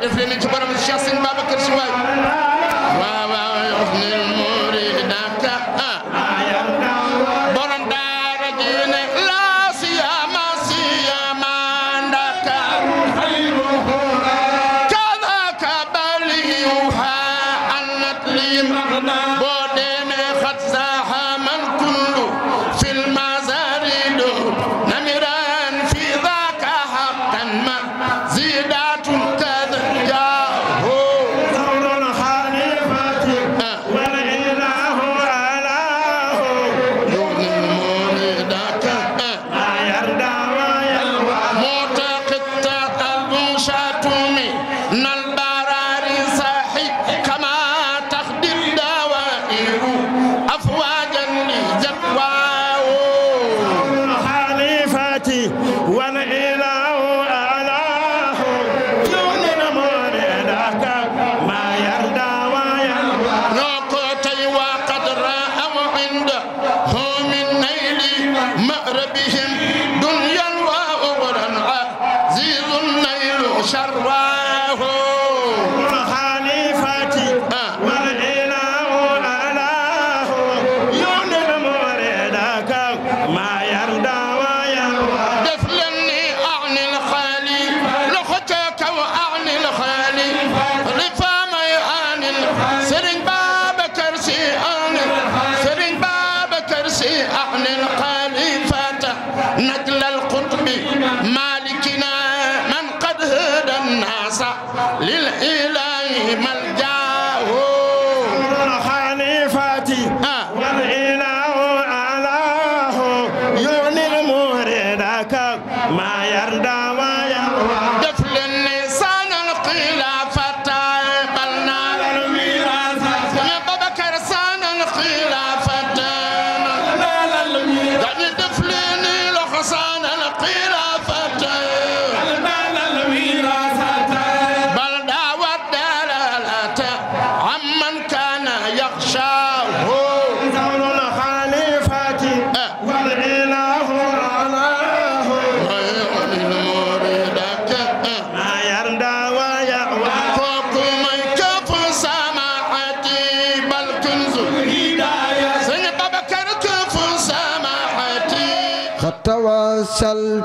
def leen ci borom Cheikh Sëñ Babacar Si waay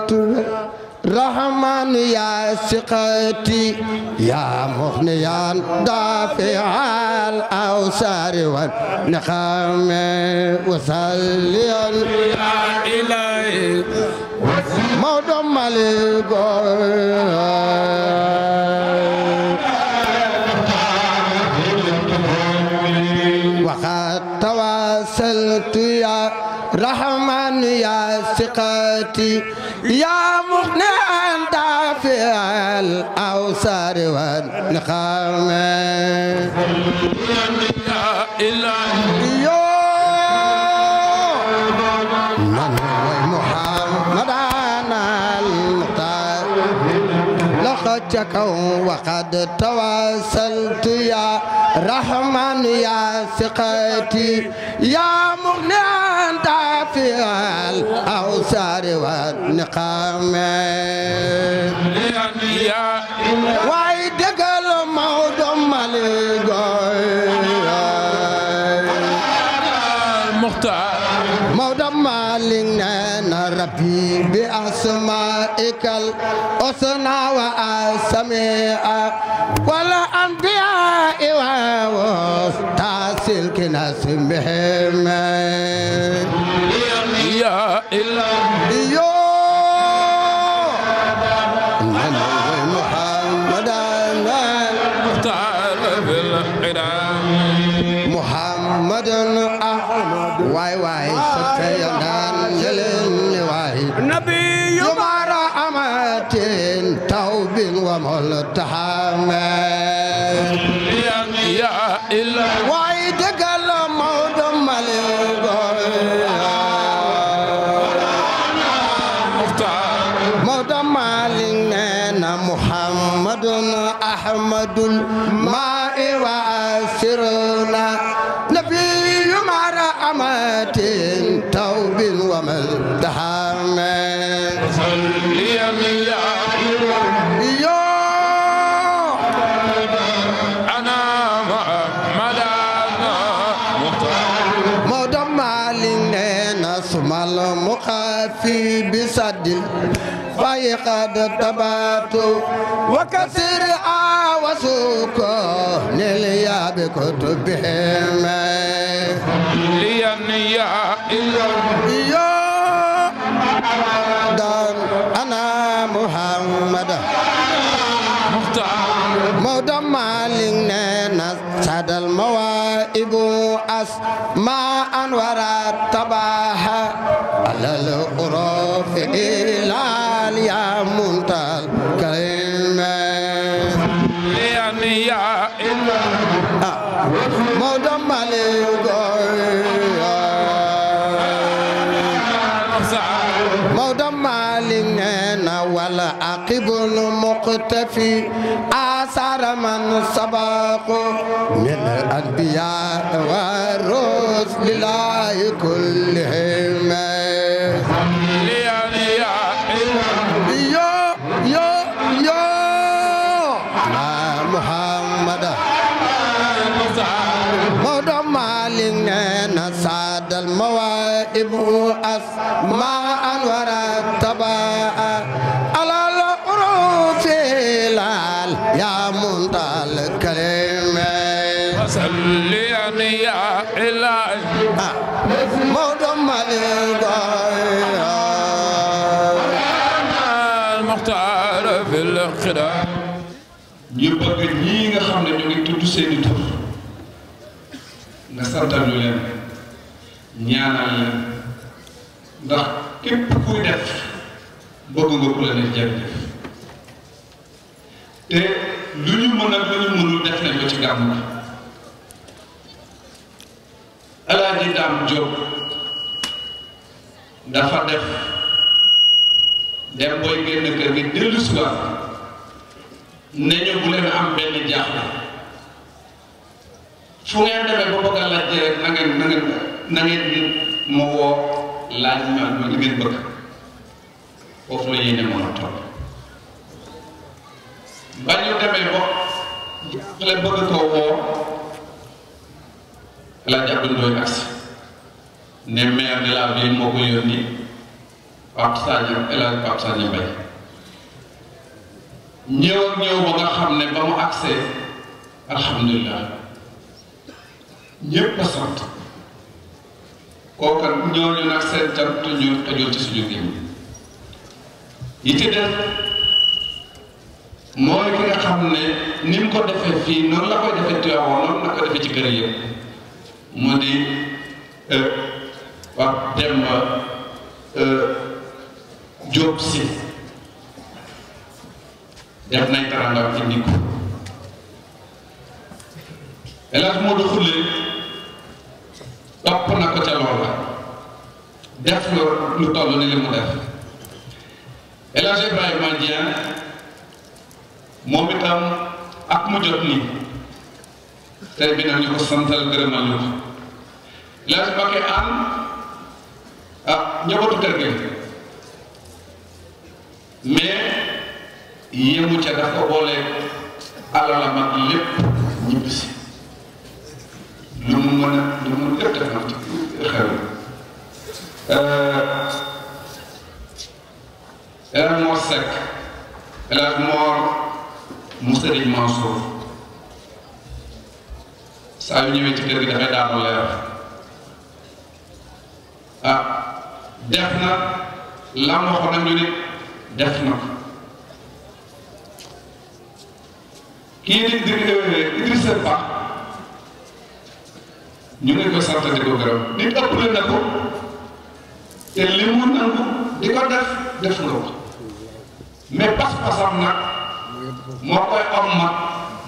ظلمت رحمن يا ثقتي يا مغنيا دافع الأوسار والنقام وصلي يا إلهي موضوع ملك وقد تواصلت يا رحمن يا ثقتي يا مغني أنت في الأوسار والنقام لا إله إلا من هو محمد المختار لقد شكوا وقد تواصلت يا رحمن يا ثقتي يا مغني أنت في الأوسار والنقام وعيدك الموت مليك المختار موت مالك ربي بأسمائك الحسنى وأسمائك والأنبياء وأستاذ سلك نسمهم ملتحم يا إله mal muqafi bi saddin faye qad tabatu wa kasir a wasuko lil yabe kutubihim liyam ya illa الناس ما أنور التباح على الأروف إلى اليمن الكلمة يعني يا إله مدام والعاقب المقتفي آثار من سبق من الأنبياء لله كلهم موائب أسماء ñu bëgg ñii nga xam ne ñu ngi tudd seeni tur nga santal ñu leen ñaanal leen ndax képp kuy def bëgg nga ku la ne jërëjëf te lu ñu mën ak lu ñu mënul def nañ ko ci gàmm Alaaji Daam Jóob dafa def dem booy génn kër gi dellu siwaat ne ñu bu leen am benn jaaxle fu ngeen demee ba bëgg a rek na ngeen na woo laaj ma ma li ngeen bëgg foofu la yéene mën a toll ba ñu demee ba jaaxle bëgg ko laaj Abdou Ndoye agsi ne maire de la moo ko yónni Pape Sadio El Hadj Pape Sadio ñëw ba nga xam ne ba mu agsee alhamdulilah ñëpp sant kookan ñëw nag seen jant ñu xëjoo ci suñu gémm yi ci def mooy ki nga xam ne ni mu ko defee fii noonu la koy defee Tivaouane noonu la ko defee ci kër yëpp mu di euh, wax Demba euh, Diop si def nañ tarangam ci ndikku hélas moo du xullee topp na ko ca loola def lu toll ni li mu def hélas Ibrahima Dieng moom itam ak mu jot nii tey bi nag ñu ko santal gërëmal ñu Lees Mbacké ànd ah njabootu kër gi mais yéemu ca daf ko boole alalam ak lépp lu mu mën a lu mu mën lépp ci xew euh, El Hadj Mor Seck El Hadj mu Sëriñ Mansour saa yu ñëwee ci kër gi dafay daanu leer ah def na lam waxoon nañu ne def na kii di ñu ngi ko sant di ko gërëm nit ëppale na ko te li mu nangu di ko def def na ko mais pas-pasam nag moo koy am ma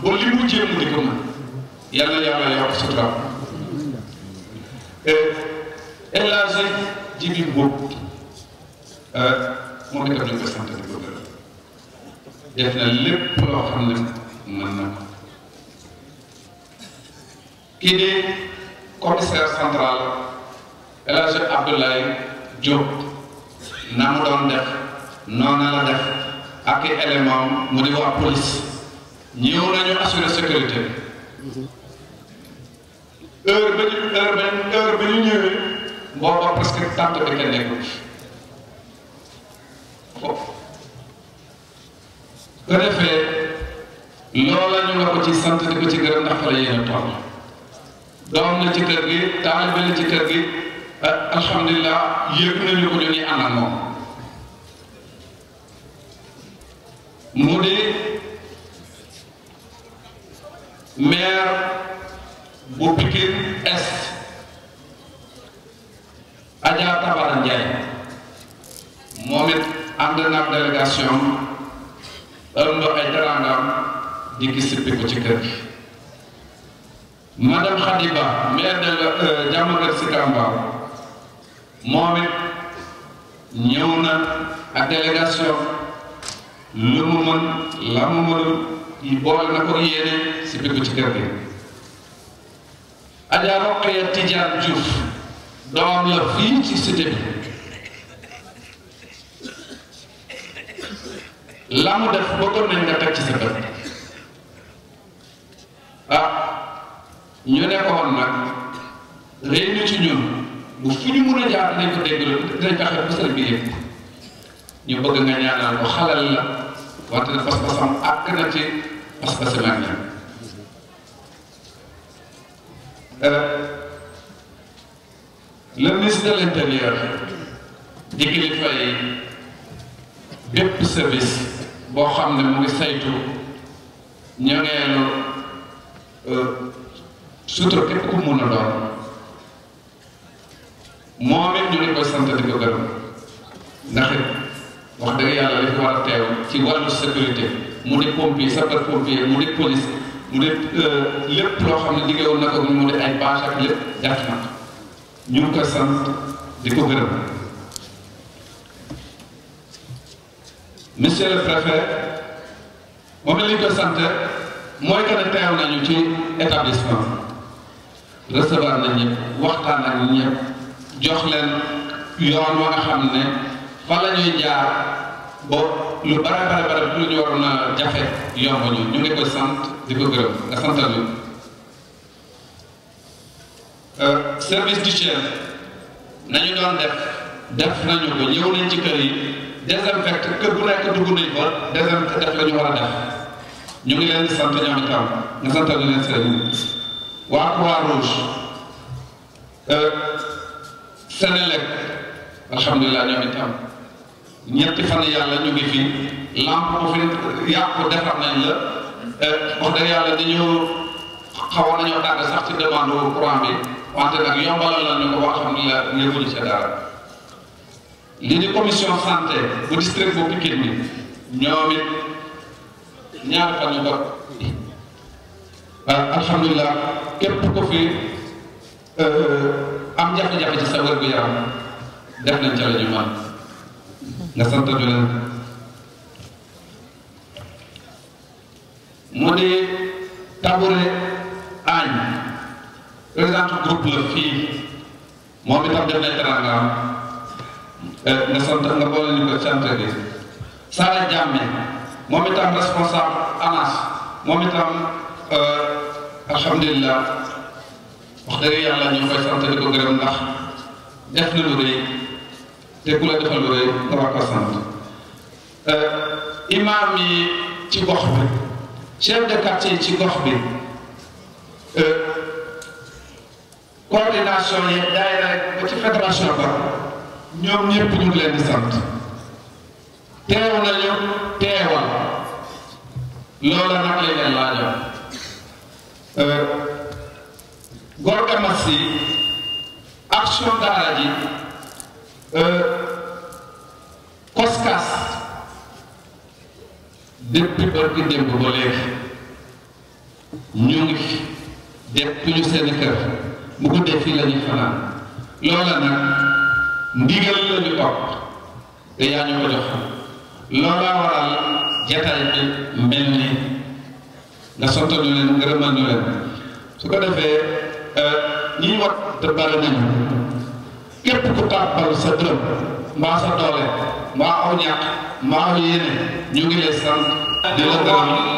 ba li mu jéem di ko mën yàlla yàlla yokk sutura eh, élargi jigéen boobu moom itam ñu def na lépp loo xam ne kii di commissaire central El Hadj Abdoulaye Diop na mu doon def noonu la def ak i élément mu di waa police ñëw nañu assurer sécurité mhm. heure ba ñu heure ba ñu ñëwee. booba presque tànt bi kenn ko defee loola ñu nga ko ci sant di ko ci gërëm ndax la yéene toll doom na ci kër gi taalibe la ci kër gi ah, alhamdulilah yëg nañu ko ñu ñuy àndal moom mu di maire bu Pikine Adja Tabara Ndiaye moom it ànd naag délégation ëmb ay teraangaam di gis sippiku ci kër gi madame Khadiba maire de euh, Diamaguène Sicap Mbao moom it ñëw na ak délégation lu mu mën la mu mënul boole na ko yéene sippiku ci kër gi Adja Rokhaya Tidiane Diouf doom la fii ci cité mu def bëggoon nañ nga teg ci sa bët ah ñu nekkoon nag réew mi ci ñun bu fu ñu mun a jaar dinañ ko déglu dinañ fexe bu sëriñ bi yëpp ñu bëgg nga ñaanal ko xalal la wante na pas-pasam àkk na ci pas-pasi mag ñi eh, le ministre de l'intérieur di kilifa bépp service boo xam ne mu ngi saytu ñoŋeelu euh, sutura képp ku mun a doon moom ñu ngi koy sant di ko gërëm ndax wax dëgg yàlla li fi war a teew ci wàllu sécurité mu di pompier sapeur pompier mu di police mu di euh, lépp loo xam ne liggéeyoon na ko mu di ay bâche ak lépp gàtt na ñu ngi ko sant di ko gërëm monsieur le préfet moom li ko sant mooy que teew nañu ci établissement recevoir na ñëpp waxtaan ak ñëpp jox leen yoon wa nga xam ne fa la jaar ba lu bare bare bare lu a jafe yomb ñu ñu ngi ko sant di ko gërëm nga santal Euh, service du chef nañu doon def def nañu ko ñëw nañ ci kër yi désinfecte kër bu nekk dugg nañ fa désinfecte def la ñu war a def ñu ngi leen sant ñoom itam nga santal leen seen waa croix rouge euh, Sénélec alhamdulilah ñoom itam ñetti fan yàlla ñu ngi fi lampe bu fi yàqu defar nañ la euh, wax dëgg yàlla dañoo xawoon nañoo tàgg sax ci demande courant bi wante nag yombalalal ñu ko ba alhamdulilah yëguñu sa dara li ñu commission santé bu district bu Pikine bi ñaar fan yu topp ba alhamdulilah képp ko fi euh, am jafe-jafe ci sa wér gu def nañ ca la ñu mën nga sant mu di tabure présidente groupe la fii moom itam def na teraangaam euh, nga sant nga boole ñu ko sant Jàmme moom itam responsable ANAS moom itam euh, alhamdulilah wax dëgg yàlla ñu koy sant di ko gërëm def na lu rëy te ku la lu rëy nga war euh, imaam ci gox bi chef de quartier ci gox bi coordination yi daayira rek ba ci fédération ba ñoom ñëpp ñu leen di sant teew nañu teewal loola nag la ngeen laajoon euh, Gorga Massi action daara ji euh, koskas depuis barki démb ba léegi ñu ngi def ñu seen kër bu guddee fii la ñuy fanaan loola nag ndigal la ñu topp te yaa ñu ko jox loola waral jataay bi mel ni nga sottanu leen ngërëmal ñu leen su ko euh, képp ku tàbbal sa dërëm mbaa sa doole mbaa aw ñàkk mbaa aw yéene ñu ngi lay sant di la gërëm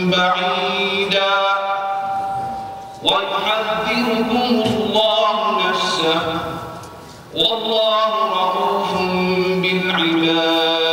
بعيدا ويحذركم الله نفسه والله رؤوف بالعباد